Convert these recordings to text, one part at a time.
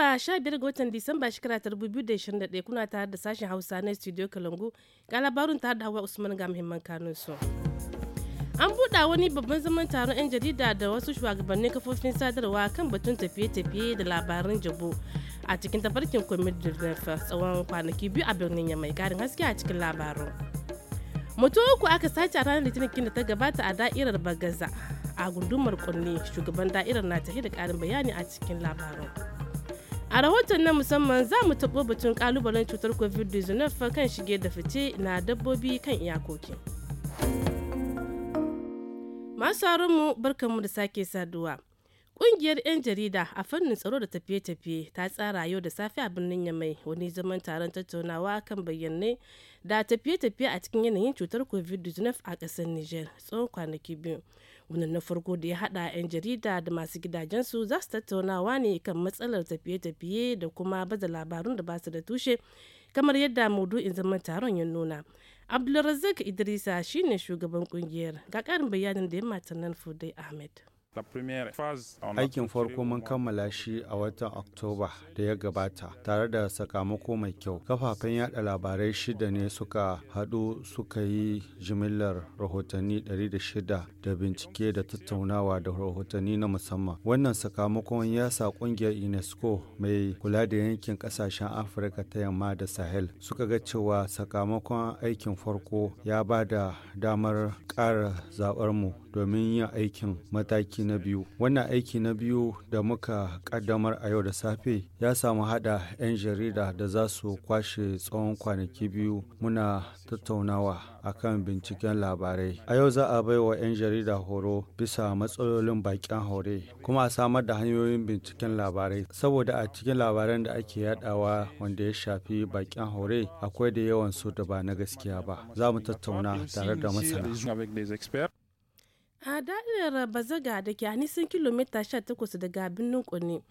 Disamba 15 ga watan Disamba shekara 2021 kuna tare da sashen Hausa na Studio Kalangu ga labarin tare da Hawa Usman ga muhimman kanun su. An buɗa wani babban zaman taron 'yan jarida da wasu shugabannin kafofin sadarwa kan batun tafiye-tafiye da labaran jabo a cikin tafarkin kwamitin tsawon kwanaki biyu a birnin Yamai garin haske a cikin labarin. Mutum uku aka sace a ranar Litinin da ta gabata a da'irar Bagaza a gundumar kunne shugaban da'irar na tafi da karin bayani a cikin labarin. A rahoton na musamman za mu taɓo batun ƙalubalen cutar COVID-19 kan shige da fice na dabbobi kan iyakoki. Masu mu barkanmu da sake saduwa. Ƙungiyar 'yan jarida a fannin tsaro da tafiye-tafiye ta tsara yau da safe a birnin Yamai wani zaman taron tattaunawa kan bayyane da tafiye-tafiye a cikin yanayin cutar COVID-19 a ƙasar niger tsawon kwanaki biyu. wannan na farko da ya hada 'yan jarida da masu gidajensu za su tattaunawa ne kan matsalar tafiye-tafiye da kuma baza labarun da ba su da tushe kamar yadda maudu'in zaman taron ya nuna abdulrazak idrisa shine shugaban kungiyar ga karin bayanin da ya matan nan fudai ahmed Aikin farko mun kammala shi a watan Oktoba da ya gabata tare da sakamako mai kyau. Kafafen yada labarai shida ne suka haɗu suka yi jimillar rahotanni 106 da bincike da tattaunawa da rahotanni na musamman. Wannan sakamakon ya sa ƙungiyar UNESCO mai kula da yankin ƙasashen Afirka ta yamma da Sahel suka ga cewa sakamakon aikin farko ya ba da damar ƙara mu domin yin aikin mataki aiki na biyu wannan aiki na biyu da muka kaddamar a yau da safe ya samu hada 'yan jarida da za su kwashe tsawon kwanaki biyu muna tattaunawa a kan binciken labarai a yau za a bai wa 'yan jarida horo bisa matsalolin bakin haure kuma a samar da hanyoyin binciken labarai saboda a cikin labaran da ake yadawa wanda ya shafi bakin hore, akwai da yawan su da ba na gaskiya ba za mu tattauna tare da masana a da'irar bazaga da ke a nisan kilomita 18 daga birnin kone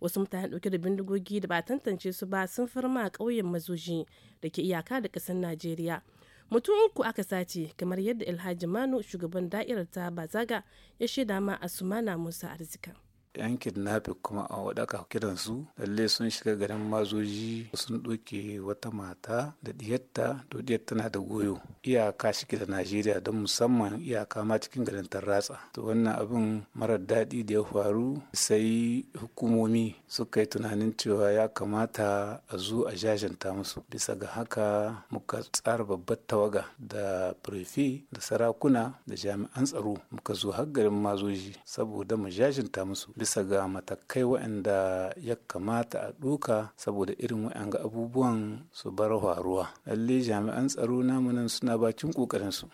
wasu mutane dauke da bindigogi da ba tantance su ba sun farma a ƙauyen mazoji da ke iyaka da ƙasar najeriya mutum uku aka sace kamar yadda alhaji manu shugaban da'irar ta bazaga ya shaida ma asumana musa arzika yan kidnapping kuma a waɗaka kiransu. su lalle sun shiga garin mazoji sun ɗauke wata mata da diyatta to diyar tana da goyo iyaka shi da najeriya don musamman iyaka ma cikin garin tarratsa to wannan abin marar daɗi da ya faru sai hukumomi suka yi tunanin cewa ya kamata a zo a jajanta musu bisa ga haka muka tsara babbar tawaga da prefe da sarakuna da jami'an tsaro muka zo har garin mazoji saboda mu jajanta musu bisa ga matakai waɗanda ya kamata a ɗuka saboda irin waɗanda abubuwan su bar faruwa. Lalle jami'an tsaro namu nan suna bakin su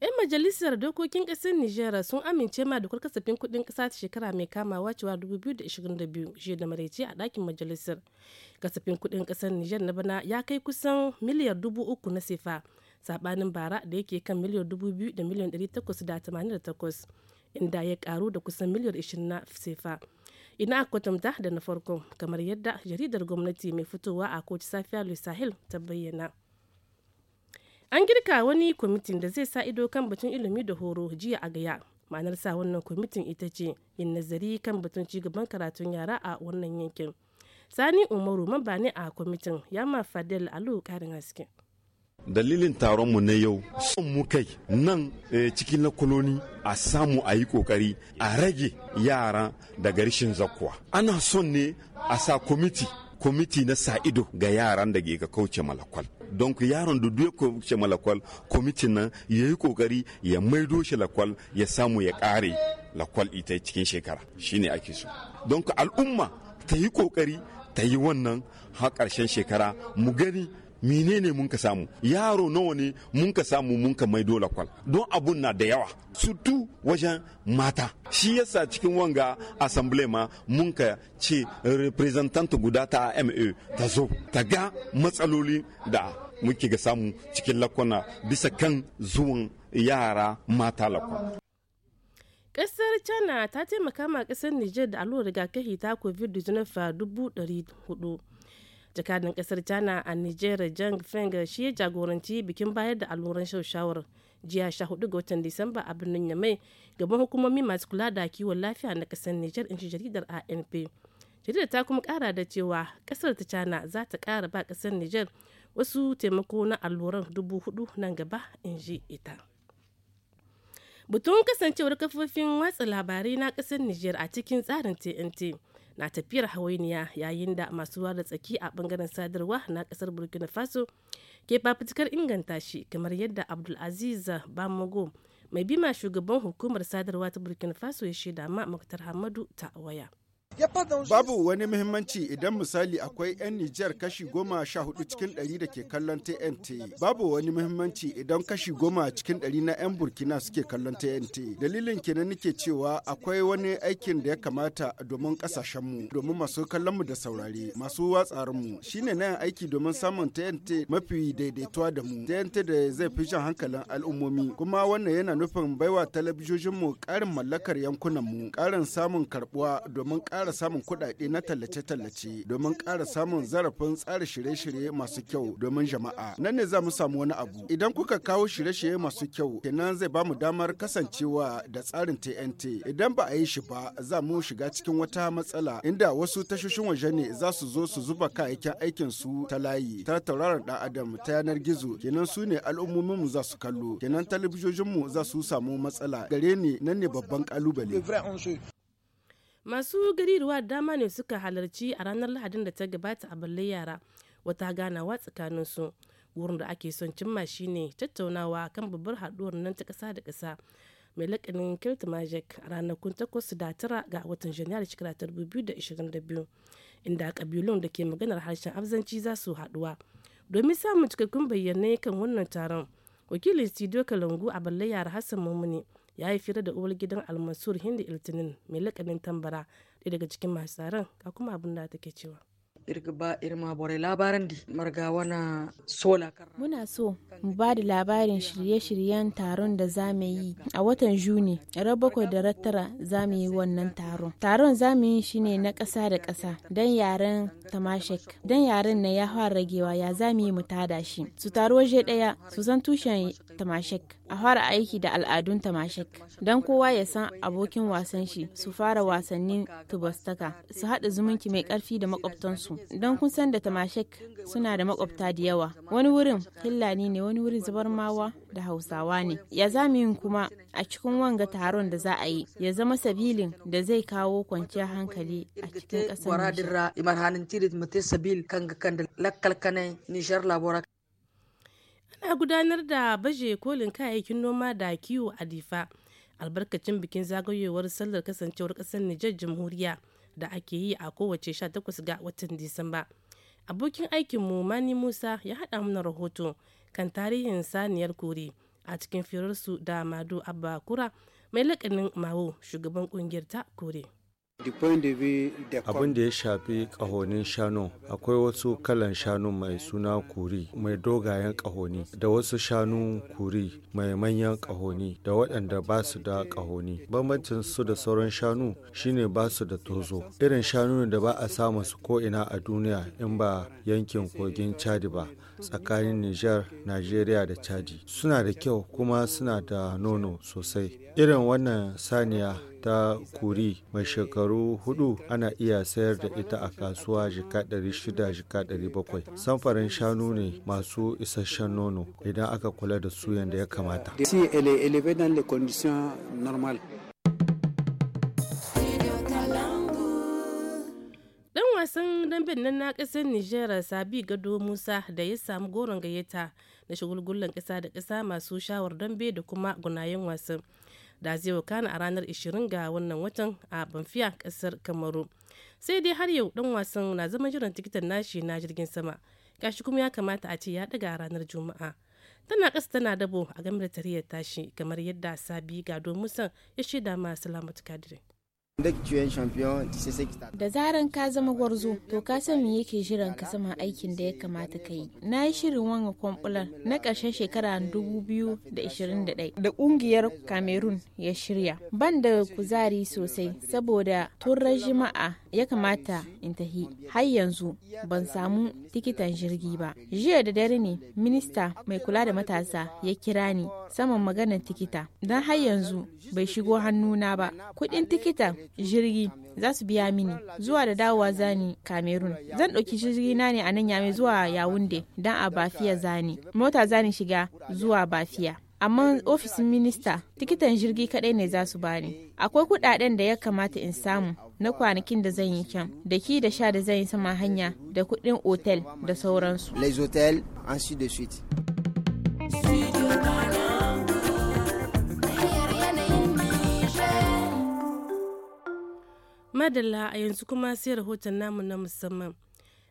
'yan majalisar dokokin ƙasar nijar sun amince ma da kasafin kuɗin kasa ta shekara mai kamawa cewa 2022 shi da maraice a ɗakin majalisar kasafin kuɗin ƙasar nijar na bana ya kai kusan miliyar dubu uku na sifa. sabanin bara da yake kan miliyan 2,000 da miliyan 888 inda ya karu da kusan miliyan 20 na sefa ina kwatanta da na farko kamar yadda jaridar gwamnati mai fitowa a kotu safiya louis sahil ta bayyana an girka wani kwamitin da zai sa ido kan batun ilimi da horo jiya a gaya ma'anar sa wannan kwamitin ita ce yin nazari kan batun cigaban karatun yara a wannan yankin sani umaru mamba ne a kwamitin yama fadel alu karin haske dalilin taronmu na yau son mu kai nan eh, cikin na koloni a samu a yi kokari a rage yara daga rashin zakkuwa ana son ne a sa kwamiti kwamiti na sa ido ga yaran da ke kauce malakwal don yaron da duk kauce malakwal kwamitin nan ya yi kokari ya maido shi lakwal ya samu ya kare lakwal ita cikin shekara shine ake so don al'umma ta yi kokari ta yi wannan har ƙarshen shekara mu gani menene mun ka samu yaro nawa ne mun ka samu mun ka maido lakwal don abun na da yawa sutu wajen mata shi yasa cikin wanga assembly ma mun ka ce representant guda ta AMA ta zo ta ga matsaloli da muke ga samu cikin lakwana bisa kan zuwan yara mata lakwana Ƙasar China ta taimaka ma ƙasar Nijar da allurar rigakafi ta COVID-19 dubu 400. jakadan kasar china a nigeria jang feng shi ya jagoranci bikin bayar da alluran shawarar jiya 14 ga watan disamba a birnin yamai gaban hukumomi masu kula da kiwon lafiya na kasar niger in jaridar anp jaridar ta kuma kara da cewa kasar ta china za ta kara ba kasar niger wasu taimako na alluran dubu hudu nan gaba in ji ita batun kasancewar kafofin watsa labarai na kasar niger a cikin tsarin tnt na tafiyar hawainiya yayin da masu ruwa da tsaki a bangaren sadarwa na kasar burkina faso ke fafutukar inganta shi kamar yadda abdulaziz bamogo mai bima shugaban hukumar sadarwa ta burkina faso ya shaida ma muktar hamadu ta waya Babu wani muhimmanci idan misali akwai 'yan Nijar kashi goma sha hudu cikin ɗari da ke kallon TNT. Babu wani muhimmanci idan kashi goma cikin ɗari na 'yan Burkina suke kallon TNT. Dalilin kenan nake cewa akwai wani aikin da ya kamata domin ƙasashenmu, domin masu kallonmu da saurare, masu watsarinmu. Shine na aiki domin samun TNT mafi daidaituwa da mu. TNT da zai fi jan hankalin al'ummomi. Kuma wannan yana nufin baiwa talabijojinmu ƙarin mallakar yankunanmu, ƙarin samun karbuwa, domin ƙara ƙara samun kuɗaɗe na tallace-tallace domin ƙara samun zarafin tsara shirye-shirye masu kyau domin jama'a. Nan ne za mu samu wani abu. Idan kuka kawo shirye-shirye masu kyau, kenan zai ba mu damar kasancewa da tsarin TNT. Idan ba a yi shi ba, za mu shiga cikin wata matsala inda wasu tashoshin waje ne za su zo su zuba kayayyakin aikin su ta layi ta tauraron ɗan adam ta yanar gizo kenan su ne al'ummomin mu za su kallo kenan talabijojin mu za su samu matsala gare ni nan ne babban ƙalubale. masu gari ruwa dama ne suka halarci a ranar lahadin da ta gabata a balle yara wata ganawa tsakanin su wurin da ake son cimma shine tattaunawa kan babbar haduwar nan ta kasa da kasa, mai lakanin kirt magic a ranakun Takwas da tara ga watan janairu shekara 2022 inda kabilun da ke maganar harshen abzanci za su haduwa, domin samun cikakkun bayyanai kan wannan taron wakilin studio kalangu a balle yara hassan mummuni ya yi fira da uwar gidan almasur hindi iltinin mai lakanin tambara ɗaya daga cikin masu tsaron ga kuma abin da take cewa irgba irma bore labaran di marga wana sola muna so mu ba da labarin shirye-shiryen taron da za mu yi a watan juni ran bakwai da rattara za mu yi wannan taron taron za mu yi shi ne na ƙasa da ƙasa don yaren tamashek don yaren na ya fara ragewa ya za mu yi mu tada shi su taro waje ɗaya su san tushen tamashek a fara aiki da al'adun tamashek Dan kowa ya san abokin wasan shi su fara wasannin tubastaka su haɗa zumunci mai ƙarfi da makwabtansu don kun san da tamashek suna da makwabta da yawa wani wurin hillani ne wani wurin zubar mawa da hausawa ne ya zami yin kuma a cikin wanga taron da za a yi ya zama sabilin da zai kawo kwanciyar hankali a cikin ƙasar ana gudanar da baje kolin kayayyakin noma da kiwo a difa albarkacin bikin zagayowar sallar kasancewar ƙasar nijar jamhuriya da ake yi a kowace 18 ga watan Disamba. Abokin aikinmu Mani Musa ya haɗa mana rahoto kan tarihin saniyar kori a cikin firarsu da Madu Abba Kura mai laƙanin Mawo shugaban ƙungiyar ta kore. abin da ya shafi ƙahonin shanu akwai wasu kalan shanu mai suna kuri mai dogayen ƙahoni da wasu shanu kuri mai manyan ƙahoni da waɗanda ba su da ƙahoni bambancin su da sauran shanu shine ba su da tozo irin shanu da ba a samu su ko a duniya in ba yankin kogin chadi ba tsakanin niger nigeria da chadi suna da kyau kuma suna da nono sosai irin wannan saniya ta kuri mai shekaru hudu ana iya sayar da ita a kasuwa jika 600 700 samfarin shanu ne masu isasshen nono idan aka kula da su yadda ya kamata dan wasan dambe na na kasar nijar sabi gado musa da ya samu goron gayyata na shagulgullan kasa da kasa masu shawar dambe da kuma gunayen wasan da zai wakana a ranar 20 ga wannan watan a banfiya kasar kamaru sai dai har yau dan wasan na zama jiran tikitan nashi na jirgin sama gashi kuma ya kamata a ce ya daga ranar juma'a tana ƙasa tana dabo a game da tariyar tashi kamar yadda sabi ga domin ya shaida ma salamatu kadiri Da zaran ka zama gwarzo, to ka san me yake jiran ka sama aikin da ya kamata ka yi. Na yi shirin wanga kwamfular na ƙarshen shekara 2021 da ƙungiyar Cameroon ya shirya. Ban da kuzari sosai saboda tun jima'a ya kamata in tahi. Har yanzu ban samu tikitan jirgi ba. Jiya da dare ne minista mai kula da matasa ya kira ni saman maganar tikita. Don har yanzu bai shigo hannuna ba. Kuɗin tikitan jirgi za su biya mini zuwa da dawowa zani cameroon zan ɗauki jirgi na ne a nan yame zuwa yawunde don a bafiya zani mota zani shiga zuwa bafiya amma ofis minista tikitan jirgi kadai ne za su bani akwai kudaden da ya kamata in samu na kwanakin da zan yi kyan da ki da sha da zan yi sama hanya da kudin otel da sauransu les hôtels ainsi de suite madalla a yanzu kuma sai rahoton namu na musamman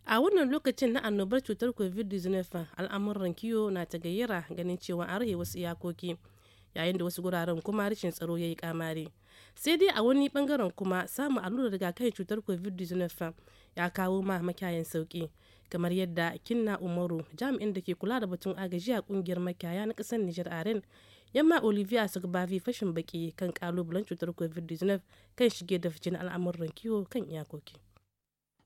a wannan lokacin na annobar cutar covid-19 al'amuran kiwo na ta gayyara ganin cewa an rahe wasu iyakoki yayin da wasu guraren kuma rashin tsaro ya yi kamari sai dai a wani bangaren kuma samun allurar rigakafin cutar covid-19 ya kawo ma makayan sauki kamar yadda kinna umaru jami'in da ke kula da batun agaji a kungiyar makiyaya na kasar nijar aren yamma olivia sugbavi fashin baki kan kalubalen cutar covid-19 kan shige da ficin al'amuran kiwo kan iyakoki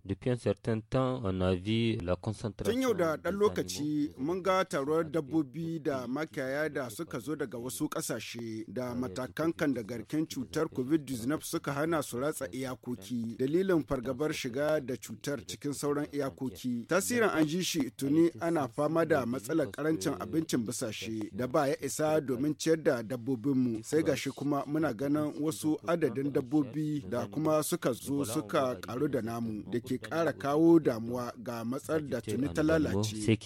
Depuis certain temps, on a vu la concentration. Tun yau da ɗan lokaci mun ga taruwar dabbobi da makiyaya da suka zo daga wasu ƙasashe da eh, matakan kan da garken cutar COVID-19 suka hana su ratsa eh, iyakoki. Dalilin fargabar shiga da cutar cikin sauran iyakoki. Tasirin an ji shi tuni ana fama da matsalar karancin abincin bisashe da ba ya isa domin ciyar da dabbobinmu. Sai gashi kuma muna ganin wasu adadin dabbobi da kuma suka zo suka karu da namu. ke kara kawo damuwa ga matsar da tuni ta lalace.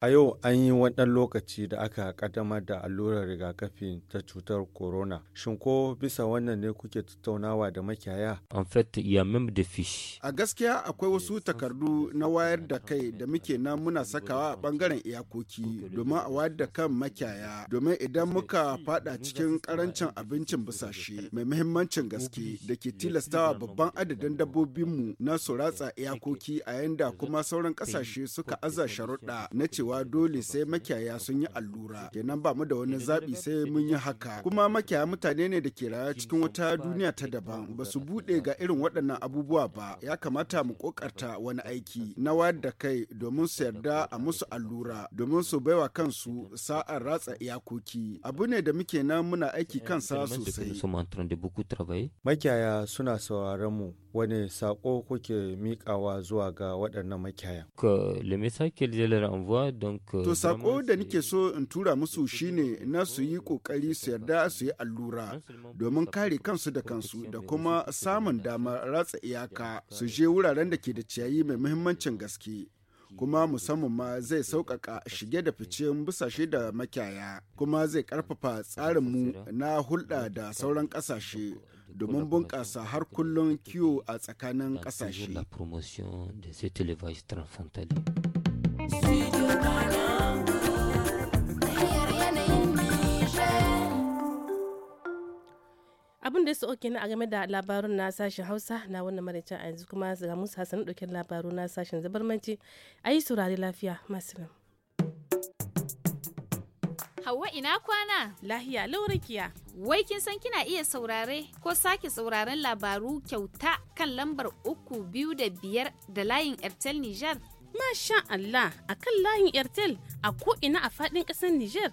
A yau an yi waɗan lokaci da aka ƙaddamar da allurar rigakafi ta cutar corona. Shin ko bisa wannan ne kuke tattaunawa da makiyaya? A gaskiya akwai wasu takardu na wayar da kai da muke nan muna sakawa a bangaren iyakoki domin a wayar da kan makiyaya domin idan muka fada cikin ƙarancin abincin bisashe mai muhimmancin gaske da ke tilastawa babban babban adadin dabbobinmu na su ratsa iyakoki a yanda kuma sauran kasashe suka aza sharuɗa na cewa dole sai makiyaya sun yi allura kenan ba mu da wani zaɓi sai mun yi haka kuma makiyaya mutane ne da ke raya cikin wata duniya ta daban ba su buɗe ga irin waɗannan abubuwa ba ya kamata mu ƙoƙarta wani aiki na wayar da kai domin su yarda a musu allura domin su baiwa kansu sa'ar ratsa iyakoki abu ne da muke nan muna aiki kansa sosai makiyaya suna sauraron mu wane saƙo kuke miƙawa zuwa ga waɗannan makiyaya. Euh, euh, to saƙo da nike so in tura musu shine na su yi ƙoƙari su yarda su yi allura domin kare kansu da kansu da kuma samun damar ratsa iyaka su euh, je wuraren da ke da ciyayi mai muhimmancin gaske. kuma musamman ma zai sauƙaƙa shige da fice busashe da makiyaya kuma zai ƙarfafa mu na hulɗa da sauran ƙasashe domin bunƙasa har kullum kiwo a tsakanin ƙasashe. abin da ya sauke na a game da labarun na sashen hausa na wannan maraicin a yanzu kuma ga musu hasanu ɗaukin labaru na sashen zabarmanci a yi saurari lafiya masu nan. hawa ina kwana? Lahiya laurakiya. Wai kin san kina iya saurare ko sake sauraren labaru kyauta kan lambar uku biyu da biyar da layin Airtel Niger? Masha Allah a kan layin Airtel a ko ina a faɗin ƙasar Niger.